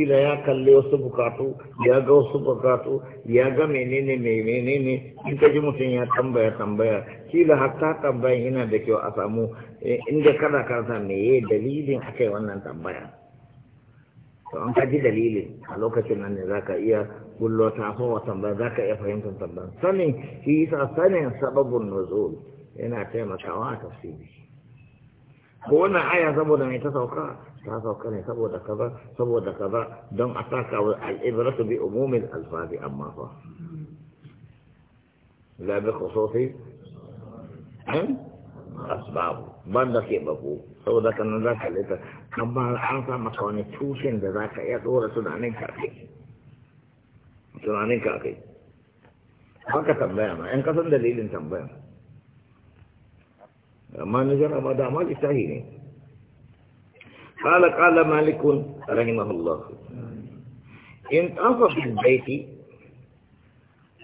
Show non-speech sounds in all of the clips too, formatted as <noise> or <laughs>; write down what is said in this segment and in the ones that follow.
kila ya kalli wasu bukatu ya ga wasu bukatu ya ga menene menene in ka ji mutum ya tambaya tambaya kila hatta tambaya yana da kyau a samu eh, inda kada me meye dalilin akai wannan tambaya to an ka ji dalilin a lokacin nan ne zaka iya gullo ta hawa tambaya zaka iya fahimtar tambaya sanin shi yasa sanin sababun nuzul yana taimakawa a tafsiri ko wannan aya saboda mai ta sauka ta sauka ne saboda kaza saboda kaza don a saka wa al'ibratu bi umumin alfazi amma fa la bi khususi asbabu banda ke babu saboda kan za ka lita amma an sa maka wani tushen da za ka iya dora tunanin ka kai tunanin ka kai haka tambaya ma in kasan dalilin tambaya amma ni jana ma da ma littafi ne قال قال مالك رحمه الله إن في البيت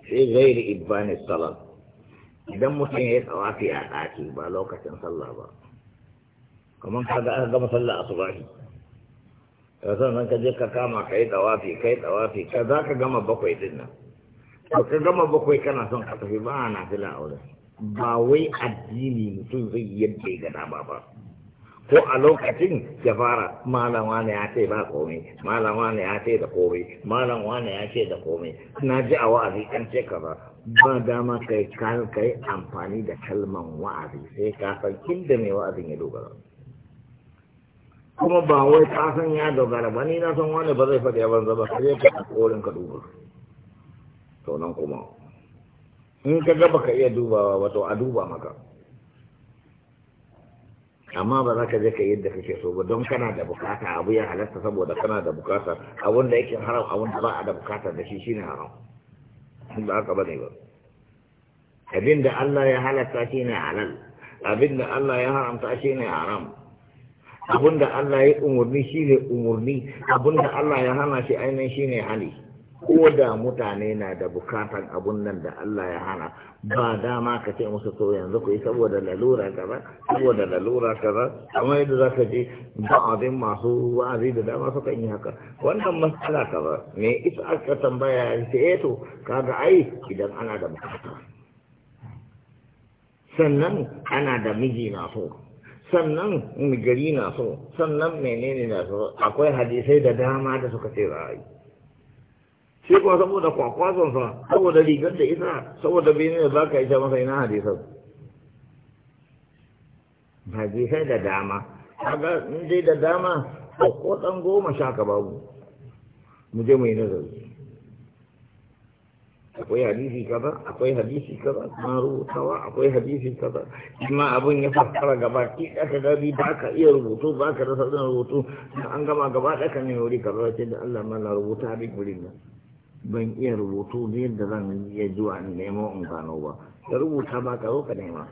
في غير إبان الصلاة إذا مسلم يسأل في أعطاكي بالوكة صلى الله كمان قد أهدى مصلى أصبعي رسول الله كذلك كما كيت أوافي كيت أوافي كذاك كما بقوي تدنا وكما بقوي كان أصنع قطفي بانا في الأولى باوي أدليني مثل زي يبقى كتابا ko a lokacin ya fara malam wane ya ce ba komai malam wane ya ce da komai malam wane ya ce da komai na ji a wa'azi kan ce ka ba ba dama kai kai amfani da kalman wa'azi sai ka san inda mai wa'azin ya dogara kuma ba wai ka san ya dogara ba ni na san wani ba zai faɗi banza ba sai ka korin ka duba to nan kuma in ka ga baka iya dubawa ba to a duba maka amma ba za ka je ka yadda kake so ba don kana da bukata abu ya halatta saboda kana da bukata abun da yake haram abun da ba a da bukata da shi shine haram ba haka bane ba abin da Allah ya halatta shine halal abin da Allah ya haramta shine haram abun da Allah ya umurni shine umurni abun da Allah ya hana shi ainihin shine hali ko da mutane na da bukatan abun nan da Allah ya hana ba dama ka ce musu to yanzu ku yi saboda lalura kaza saboda lalura kaza amma yadda za ka je abin masu wa'azi da dama suka yi haka wannan matsala kaza me ita aka tambaya ce eh to kaga ai idan ana da bukata sannan ana da miji na so sannan gari na so sannan menene na so akwai hadisai da dama da suka ce yi. shi kuma saboda kwakwasonsa saboda rigar da ita saboda bene da za ka isa masa ina hadisan hadisai da dama kaga in dai da dama a ko dan goma sha ka babu mu je mu yi nazari akwai hadisi kaza akwai hadisi kaza na rubutawa akwai hadisi kaza amma abin ya fassara gaba ki aka gabi ba ka iya rubutu ba ka rasa rubutu an gama gaba da ka ne wuri kaza ce da Allah mana rubuta bi gurin nan ban iya rubutu ne yadda zan iya zuwa in nemo in gano ba da rubuta ba ka zo ka nema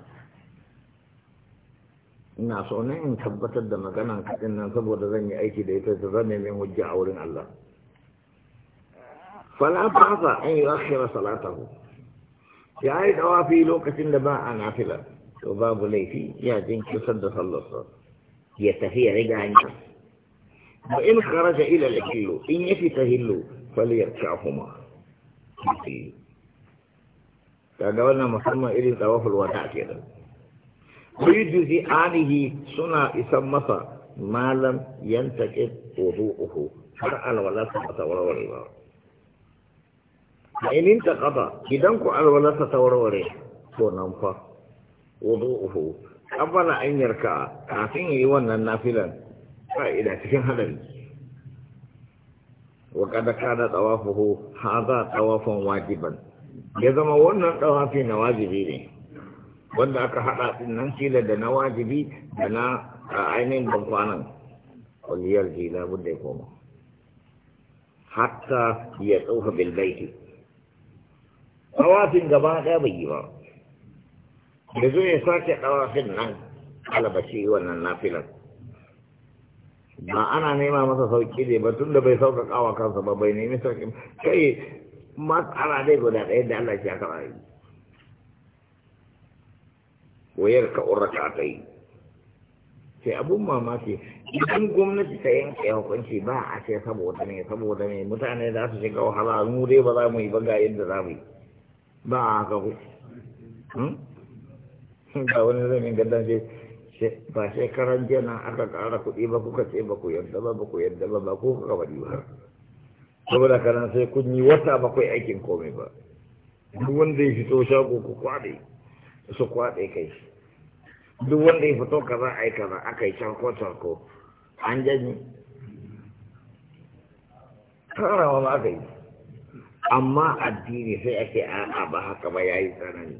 ina so ne in tabbatar da maganan kaɗin nan saboda zan yi aiki da ita da zan nemi hujja a wurin Allah fala ba an yi akhira salatahu ya yi dawafi lokacin da ba a nafila to babu laifi ya jinkirtar da sallarsa ya tafi ya riga hanya ba in kharaja ila al in yafi fita فليركعهما كقولنا إيه. محمد إلي طواف الوداع كده ويجزي آله سنة إسمى ما لم ينتقد وضوءه فرعا ولا سمت ولا ولا فإن انتقض إذن قال ولا تتورور فننفى وضوءه قبل أن يركع عفين يوانا نافلا فإذا تكن هذا وقد كان طوافه هذا طواف واجبا ya zama wannan ɗawafi na wajibi ne wanda aka haɗa nan kila da na wajibi da na ainihin bankwanan waliyar jila wanda ya koma hatta ya tsofa bilbaiti ɗawafin gaba ɗaya bai yi ba da zo ya sake ɗawafin nan alabashi wannan nafilar ba ana nema masa sauki ne ba tun da bai sauƙaƙa wa kansa ba bai nemi sauƙi kai matsala dai guda ɗaya da Allah ya kara yi wayar ka urraka ta yi sai abun mamaki idan gwamnati ta yanke hukunci ba a ce saboda ne saboda ne mutane za su shiga wahala mu dai ba za mu yi ba ga yadda za mu yi ba a haka ku hmm? ga wani zamin gaddan ba sai karan nan aka kara kuɗi ba kuka ce ba ku yarda ba ba ku yarda ba ba ku kuka faɗi ba saboda kana sai kun yi wata bakwai aikin komai ba duk wanda ya fito shago ku kwaɗe su kwaɗe kai duk wanda ya fito kaza ai kaza aka yi charko charko an janyi karawa ma aka yi amma addini sai ake a'a ba haka ba ya yi tsanani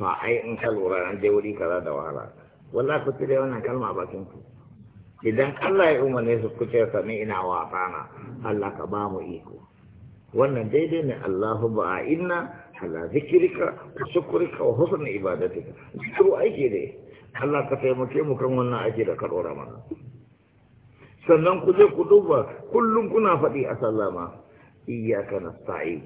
fa ai in ka lura an je wuri kaza da wahala wallahi ku cire wannan kalma a bakin ku idan Allah ya umarne su ku ce sami ina wa fana Allah ka ba mu iko wannan daidai ne Allahu ba inna ala zikrika wa shukrika wa husni ibadatika zikru aiki ne Allah ka taimake mu kan wannan aiki da ka dora mana sannan ku je ku duba kullum kuna faɗi a sallama iyyaka nasta'in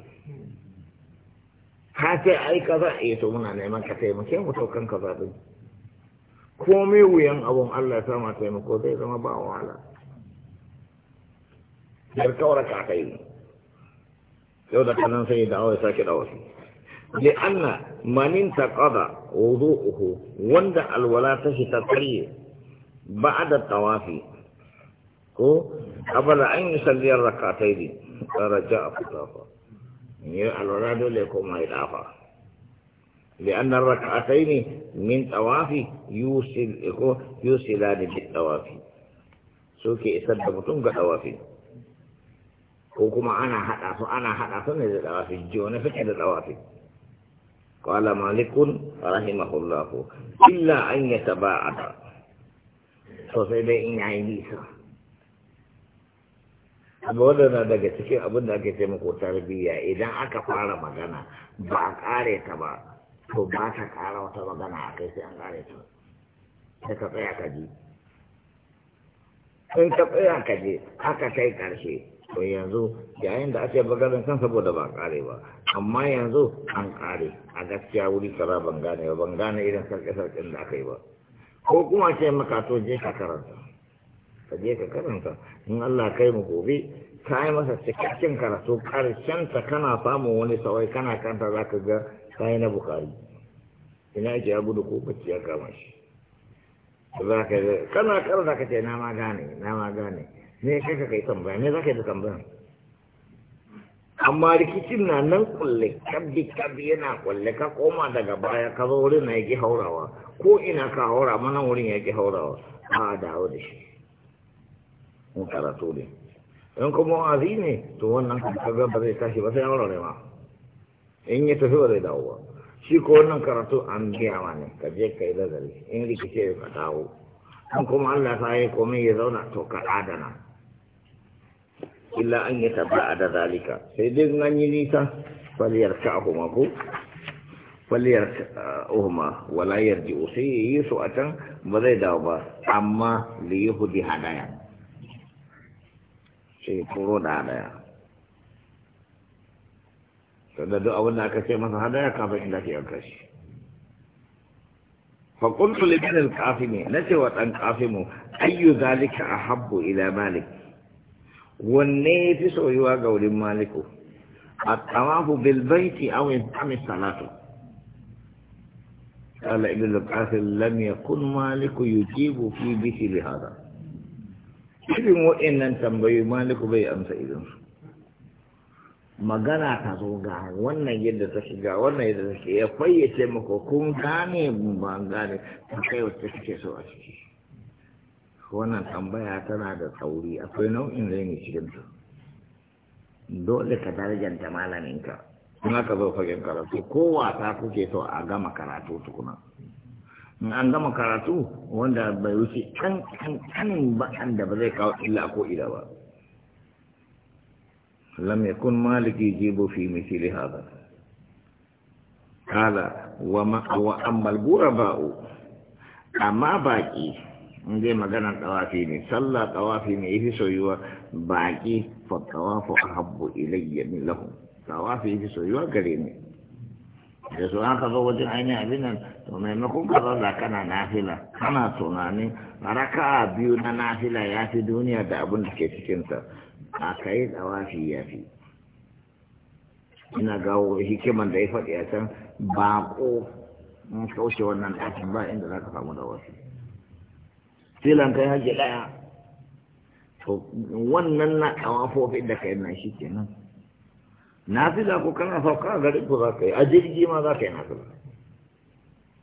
ka ce ai kaza eh to muna neman ka taimake mu to kan kaza din komai wuyan abun Allah ta ma taimako zai zama ba wahala yar kawar ka kai yau da kanan sai da awai sake da wasu li anna manin taqada wudu'uhu wanda alwala ta shi ta tsare ba'da tawafi ko abala an yi yusalli da raja'a fitafa ne alwala dole ko mai dafa لأن الركعتين من طواف يوصل يوصلان بالطواف سوكي إسد متنقى طوافي وكما أنا حدث أنا حدث من الطواف جون فتح الطواف قال مالك رحمه الله إلا أن يتباعد فسيد إن عينيسا abu na daga cikin abin da ake taimako tarbiyya idan aka fara magana ba a kare ta ba to ba ka ƙara wata magana a kai sai an ƙare ta sai ka tsaya ka ji in ka tsaya ka je aka kai ƙarshe to yanzu yayin da ake bagarin kan saboda ba ƙare ba amma yanzu an ƙare a gaskiya wuri kara ban gane ba ban gane irin sarƙe-sarƙen da aka yi ba ko kuma ce maka to je ka karanta ka je ka karanta in Allah kai mu gobe ka yi masa cikakken karatu karshen ta kana samun wani sawai kana kanta za ka ga kayi na bukari ina ake abu gudu ko ya kama shi za ka yi kana kar za ka ce na ma gane na ma gane ne kai ka kai tambaya ne za ka yi tambaya amma rikicin na nan kulle kabbi kabbi yana kulle ka koma daga baya ka zo wurin na yake haurawa ko ina ka haura mana wurin yake haurawa a dawo da shi mun karatu ne in kuma wa'azi ne to wannan kan kaga ba zai tashi ba sai ya haura ne ma in ya tafi ba zai dawo shi ko wannan karatu an biya ma ne ka je ka yi nazari in rikice ka dawo an kuma Allah ta yi komai ya zauna to ka adana illa an yi tabba da zalika sai dai an yi nisa faliyar ka kuma ko faliyar uhuma wala yarji sai yi su a can ba zai dawo ba amma li yahudi hadaya sai turo da hadaya da duk abin da aka ce masa hadaya kafin inda فقلت لابن القاسم نتوت أن قاسم أي ذلك أحب إلى مالك والنيف سوى قول مالك الطواف بالبيت أو إنتم الصلاة قال ابن القاسم لم يكن مالك يجيب في مثل هذا إذن وإن تنبي مالك بي أمس إذن magana ta zo ga wannan yadda ta shiga wannan yadda ta shiga ya fayyace maka kun gane ba gane ta kai wata suke so a ciki wannan tambaya tana da sauri akwai nau'in raini cikin ta dole ka darajanta malaminka in aka zo fagen karatu ko wasa kuke so a gama karatu tukuna in an gama karatu wanda bai wuce can can can ba da ba zai kawo illa ko ida ba لم يكن مالك يجيب في مثل هذا قال وما هو وأما الغرباء أما باقي عندي مجانا توافيني صلى توافيني في سويوا باقي فالطواف أحب إلي من لهم طوافي في سويوا قريني da su an kaga wajen ainihin abin nan to maimakon ka zaza kana nafila kana tunanin raka biyu na nafila ya fi duniya da abin da ke cikinsa a kai tsawafi ya fi ina ga hikiman da ya faɗi a can baƙo in kaushe wannan ɗakin ba inda za ka samu da wasu filan kai hajji ɗaya to wannan na ɗawafofin da yi na shi kenan na fi fila ko kana sauka garin ku za ka yi a jirgi ma za ka yi na fila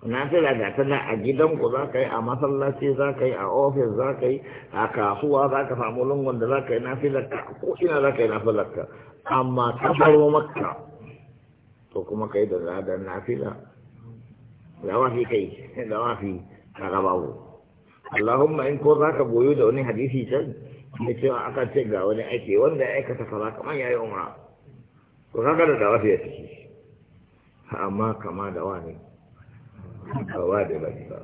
Na da ga tana a gidanku za ka yi a masallaci za ka yi a ofis za ka yi a kasuwa za ka samu lungun da za ka yi nafilarka ko ina za ka yi nafilarka amma ka baro makka to kuma yi da zadar da wafi kai wafi ka <laughs> ku Allahumma in ko za ka goyo da wani hadisi can da cewa aka ce ga wani aiki wanda ya aikata fara kamar ya yi umra to kaka da da wafi ya ciki amma kama da wani ba wa da ba ba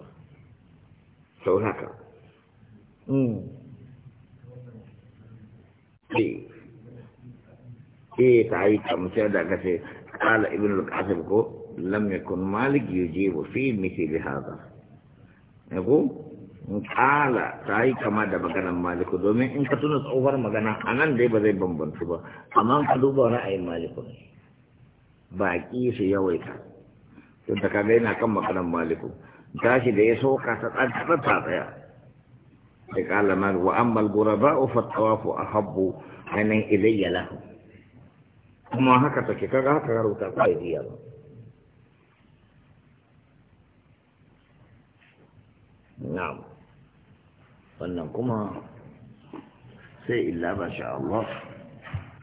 sau haka eh ta yi tamsar da ko Maliki ابن القاسم كو لم fi مالك يجيب في مثل هذا يقول قال تاي كما da maganan maliku domin in ka tuna tsohuwar magana a nan dai ba zai bambantu ba amma ka duba ra'ayin maliku ne baƙi su yawaita tunda ka ga yana kan maganar maliku tashi da ya soka ta tsantsa ta tsaya da kala mal wa ammal guraba'u fa tawafu ahabbu anan ilayya lahu kuma haka take kaga haka ga rubuta ko idiya ba na'am wannan kuma sai illa ba sha Allah